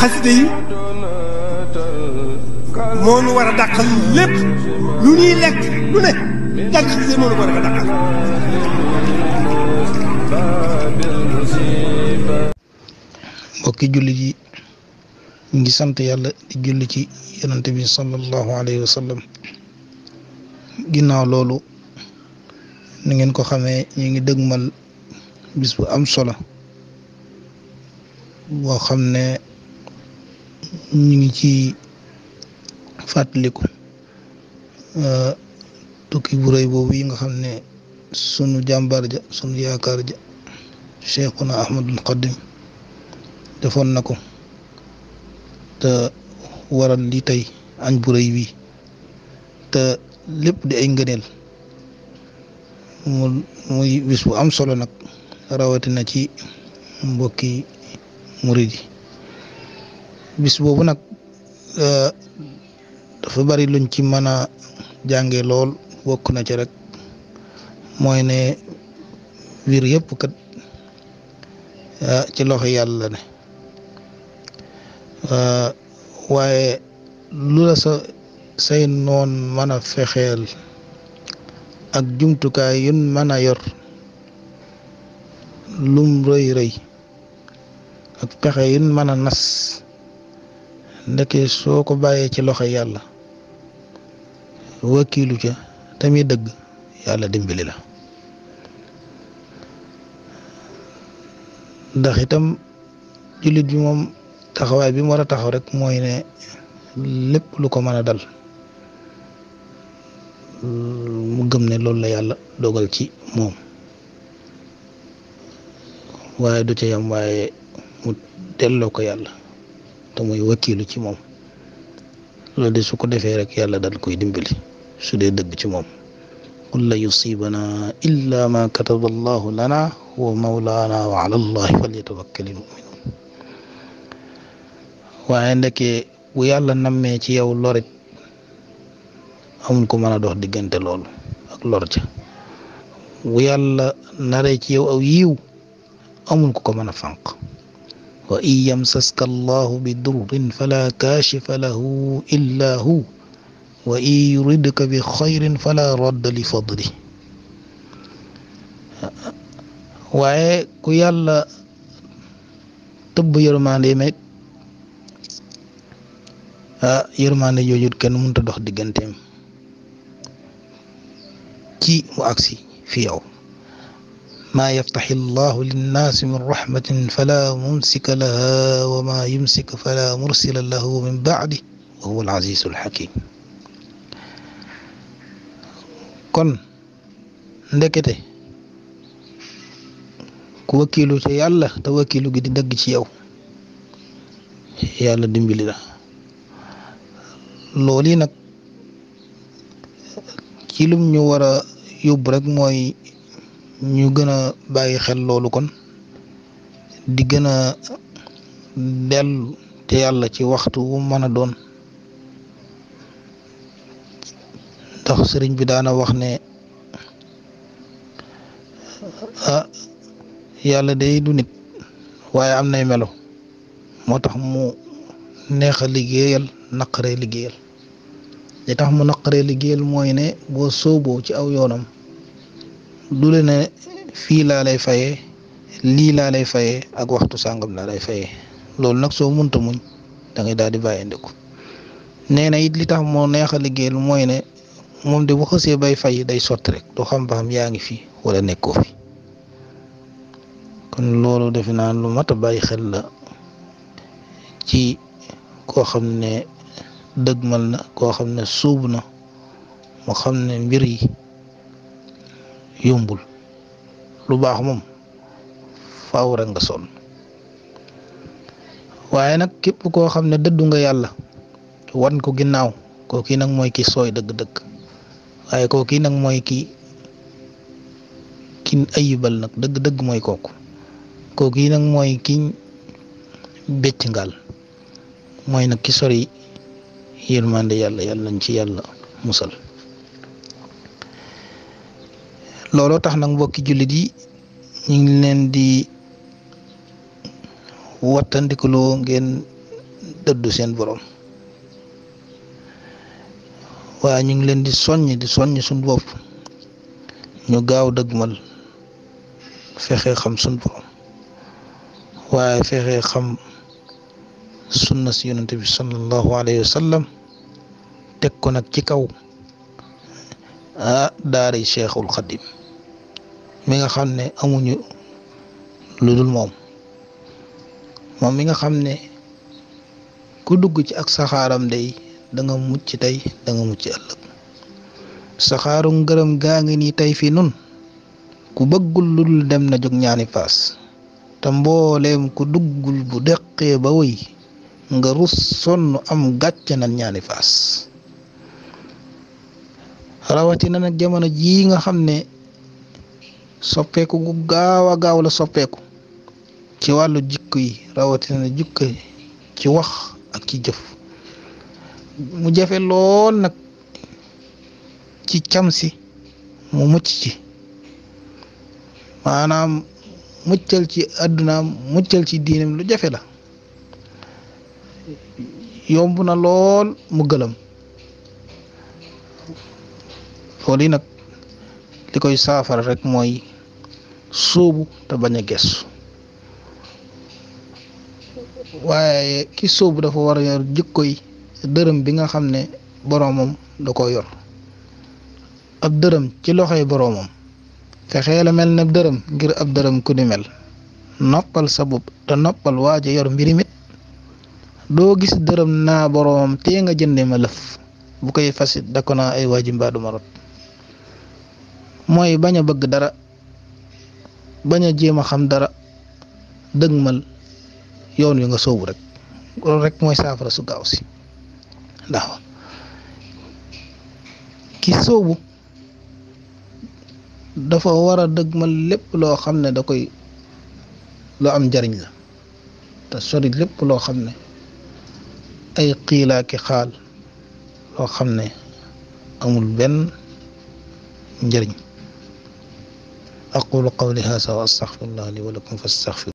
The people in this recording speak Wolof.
xasida yi moo nu war a dàqal lépp lu ñuy lekk lu ne jàng xasida yi moo nu war a dàqal. mbokki jullit yi ñu ngi sant yàlla di julli ci yonent bi sallallahu alayhi wa ginnaaw loolu ni ngeen ko xamee ñu ngi dëgmal bis bu am solo boo xam ne. ñu ngi ci fàttaliku uh, tukki bu rëy boobu yi nga xam ne sunu jàmbaar ja sunu yaakaar ja Cheikhuna Ahmadul Xadim defoon na ko te waral li tey añ bu rëy wi te lépp di ay ngëneel mu muy bis bu am solo nag rawatina ci mbokki murid yi bis boobu nag euh, dafa bari luñ ci mën a jànge lool bokk na ci rek mooy ne wir yëpp euh, ci loxo yàlla ne euh, waaye lu la sa say noon mën a fexeel ak jumtukaay yun mën a yor lum rëy rëy ak pexe yun mën a nas ndeke soo ko bàyyee ci loxo yàlla wakiilu ca tamit dëgg yàlla dimbali la ndaxitam itam jullit bi moom taxawaay bi mu war a taxaw rek mooy ne lépp lu ko mën a dal mu gëm ne loolu la yàlla dogal ci moom waaye du ca yam waaye mu delloo ko yàlla te mooy wakiilu ci moom loolu de su ko defee rek yàlla daal koy dimbali su dee dëgg ci moom qul la yusibanaa illa ma kataba allahu lana wa mawlaana wa ala allahi falyatawakkali muminuun waaye ndeke bu yàlla nammee ci yow lorit amul ko mën a dox diggante loolu ak lor ca bu naree ci yow aw yiw amul ko ko mën a fànq وإن يمسسك الله بضر فلا كاشف له إلا هو وإن يردك بخير فلا رد لفضله waaye ku yàlla tëbb yërmande met ah yërmande joojut kenn mënta dox digganteem ci mu agsi fi yow ما يفتح الله للناس من رحمة فلا ممسك لها وما يمسك فلا مرسل له من بعده وهو العزيز الحكيم kon ndekete ku wakkilu ci yàlla te wakkilu gi di dëgg ci yow yàlla dimbali la loolu yi nag ci lum ñu war a yóbbu rek mooy ñu gën a bàyyi xel loolu kon di gën a dellu te yàlla ci waxtu wu mën a doon ndax sëriñ bi daana wax ne ah, yàlla day du nit waaye am nay melo moo tax mu neex a liggéeyal naqaree liggéeyal li tax mu naqaree liggéeyal mooy ne boo sooboo ci aw yoonam du la ne fii laa lay fayee lii laa lay fayee ak waxtu sàngam laa lay fayee loolu nag soo munta muñ da daal di bàyyi ndiku nee na it li tax moo neex a liggéeyal mooy ne moom de bu bay fay day sotti rek du xam ba xam yaa ngi fii wala nekkoo fi kon loolu defe naa lu mat a bàyyi xel la ci koo xam ne dëgmal na koo xam ne suub na mu xam ne mbir yi. yombul lu baax moom faaw rek nga sonn waaye nag képp koo xam ne dëddu nga yàlla wan ko ginnaaw kooku nag mooy ki sooy dëgg-dëgg waaye kooku nag mooy ki ki ayibal nag dëgg-dëgg mooy kooku kooku nag mooy ki becc ngal mooy nag ki sori yërmande yàlla yàlla nañ ci yàlla musal. looloo tax nag mbokki jullit yi ñu ngi leen di wattandikuloo ngeen dëddu seen borom waaye ñu ngi leen di soññi di soññ suñ bopp ñu gaaw dëgmal fexe xam suñ borom waaye fexe xam sunna si yonante bi sallallahu alayhi wa teg ko nag ci kaw ah daari cheikhul xadim mi nga xam ne amuñu lu dul moom moom mi nga xam ne ku dugg ci ak saxaaram day danga mucc tey da mucc ëllëg saxaaru ngërëm gaa ngi nii tey fii nun ku bëggul lu dul dem na jóg ñaani paas te mbooleem ku duggul bu deqee ba wëy nga rus sonn am gàcce nan ñaani paas rawatina nag jamono jii nga xam ne soppeeku gu gaaw a gaaw la soppeeku ci wàllu jikko yi rawatina jikko ci wax ak ci jëf mu jafe lool nag ci cam si mu mucc ci maanaam muccal ci àddunaam muccël ci diinam lu jafe la yomb na lool mu gëlëm loolu nag li koy saafara rekk mooy sobu ta baña gesu waye waaye ki sobu dafa war yor jikko yi dërëm bi nga xamne boromam da ko yor ab deureum ci loxoy boromam fexee la mel ne deureum ngir ab deureum ku ni mel noppal sabub ta noppal yor mbirimit do gis deureum na boromam te nga jënde ma leuf bu koy fasit ko na ay waji mbaa marot moy baña bëgg dara bañ a jéem a xam dara dëgmal yoon wi nga soobu rek loolu rek mooy saafara su gaaw si ndax ki soobu dafa war a dëgmal lépp loo xam ne da koy loo am njariñ la te sori lépp loo xam ne ay xiilaaki xaal loo xam ne amul benn njariñ أقول قولي هذا وأستغفر الله لي ولكم فاستغفروا